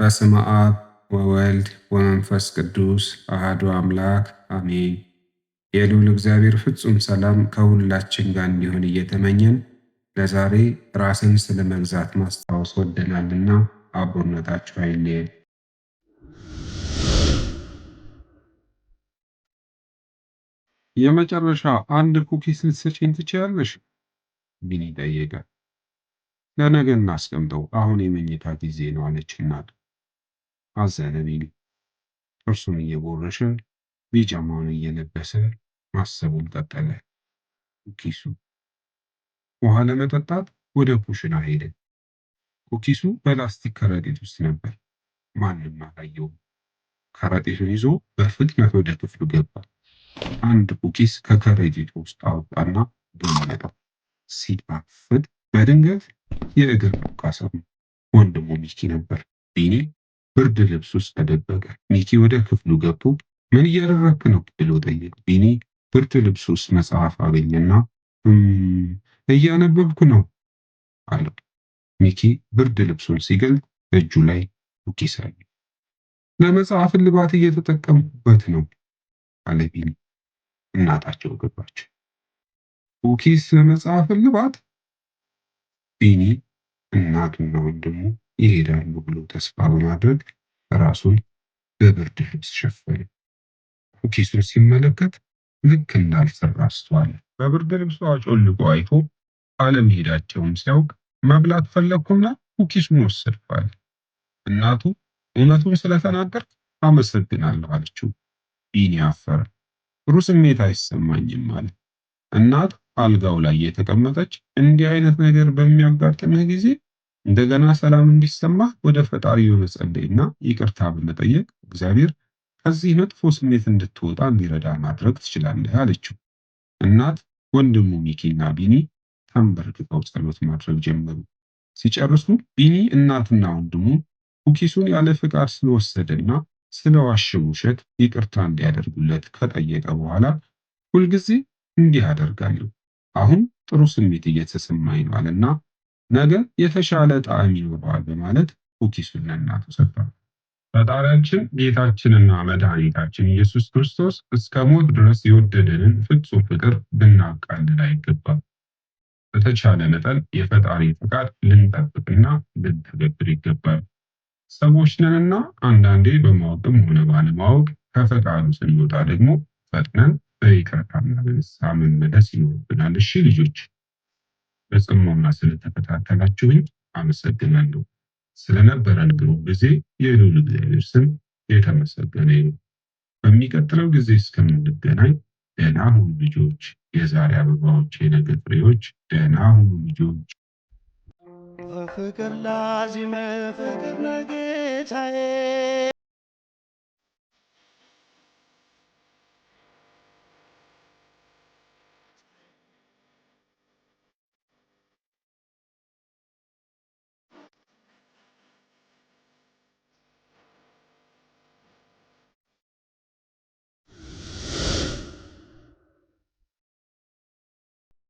በስመ አብ ወወልድ ወመንፈስ ቅዱስ አህዶ አምላክ አሜን። የልዑል እግዚአብሔር ፍጹም ሰላም ከሁላችን ጋር እንዲሆን እየተመኘን ለዛሬ ራስን ስለ መግዛት ማስታወስ ወደናልና አብሮነታችሁ አይለየን። የመጨረሻ አንድ ኩኪስን ስጪኝ ትችያለሽ? ቢኒ ጠየቀ። ለነገ እናስቀምጠው፣ አሁን የመኝታ ጊዜ ነው አለች እናቱ። አዘነ ቢሉ እርሱም እየቦረሸ ቢጃማውን እየለበሰ ማሰቡን ቀጠለ። ኩኪሱ ውሃ ለመጠጣት ወደ ኩሽና ሄደ። ኩኪሱ በላስቲክ ከረጢት ውስጥ ነበር። ማንም አላየውም። ከረጢቱን ይዞ በፍጥነት ወደ ክፍሉ ገባ። አንድ ኩኪስ ከከረጢቱ ውስጥ አወጣና ገመጠ። ሲላፍድ በድንገት የእግር ሞቃ ሰማ። ወንድሙ ሚኪ ነበር። ቢኒ ብርድ ልብስ ውስጥ ተደበቀ። ሚኪ ወደ ክፍሉ ገብቶ ምን እያደረክ ነው ብሎ ጠየቅ። ቢኒ ብርድ ልብስ ውስጥ መጽሐፍ አገኘና እያነበብኩ ነው አለው። ሚኪ ብርድ ልብሱን ሲገልጥ እጁ ላይ ዱኪስ አለ። ለመጽሐፍ ልባት እየተጠቀምኩበት ነው አለ ቢኒ። እናታቸው ገባች። ዱኪስ ለመጽሐፍ ልባት ቢኒ እናቱና ወንድሙ ይሄዳሉ ብሎ ተስፋ በማድረግ ራሱን በብርድ ልብስ ሸፈነ። ኩኪሱን ሲመለከት ልክ እንዳልሰራ አስተዋለ። በብርድ ልብሱ አጮልቆ አይቶ አለመሄዳቸውም ሲያውቅ መብላት ፈለግኩና ኩኪሱን ወሰድኳል። እናቱ እውነቱን ስለተናገርክ አመሰግናለሁ አለችው። ቢኒ አፈረ። ጥሩ ስሜት አይሰማኝም አለ። እናት አልጋው ላይ የተቀመጠች እንዲህ አይነት ነገር በሚያጋጥምህ ጊዜ እንደገና ሰላም እንዲሰማህ ወደ ፈጣሪ በመጸለይና ይቅርታ በመጠየቅ እግዚአብሔር ከዚህ መጥፎ ስሜት እንድትወጣ እንዲረዳ ማድረግ ትችላለህ አለችው። እናት ወንድሙ ሚኪና ቢኒ ተንበርክከው ጸሎት ማድረግ ጀመሩ። ሲጨርሱ ቢኒ እናትና ወንድሙ ኩኪሱን ያለ ፍቃድ ስለወሰደና ስለዋሸው ውሸት ይቅርታ እንዲያደርጉለት ከጠየቀ በኋላ ሁልጊዜ እንዲህ አደርጋለሁ፣ አሁን ጥሩ ስሜት እየተሰማኝ ነው አለና ነገ የተሻለ ጣዕም ይኖረዋል በማለት ኩኪሱን ለእናቱ ሰጥቷል። ፈጣሪያችን ጌታችንና መድኃኒታችን ኢየሱስ ክርስቶስ እስከ ሞት ድረስ የወደደንን ፍጹም ፍቅር ብናቃልል አይገባም። በተቻለ መጠን የፈጣሪ ፍቃድ ልንጠብቅና ልንተገብር ይገባል። ሰዎች ነንና አንዳንዴ በማወቅም ሆነ ባለማወቅ ከፈቃዱ ስንወጣ ደግሞ ፈጥነን በይቅርታና በንስሐ መመለስ ይኖርብናል። እሺ ልጆች። በጽሞና ስለተከታተላችሁኝ አመሰግናለሁ። ስለነበረን ግሩም ጊዜ የልዑል እግዚአብሔር ስም የተመሰገነ ይሁን። በሚቀጥለው ጊዜ እስከምንገናኝ ደህና ሁኑ ልጆች፣ የዛሬ አበባዎች የነገ ፍሬዎች። ደህና ሁኑ ልጆች። ፍቅር ላዚመ ፍቅር ነጌታዬ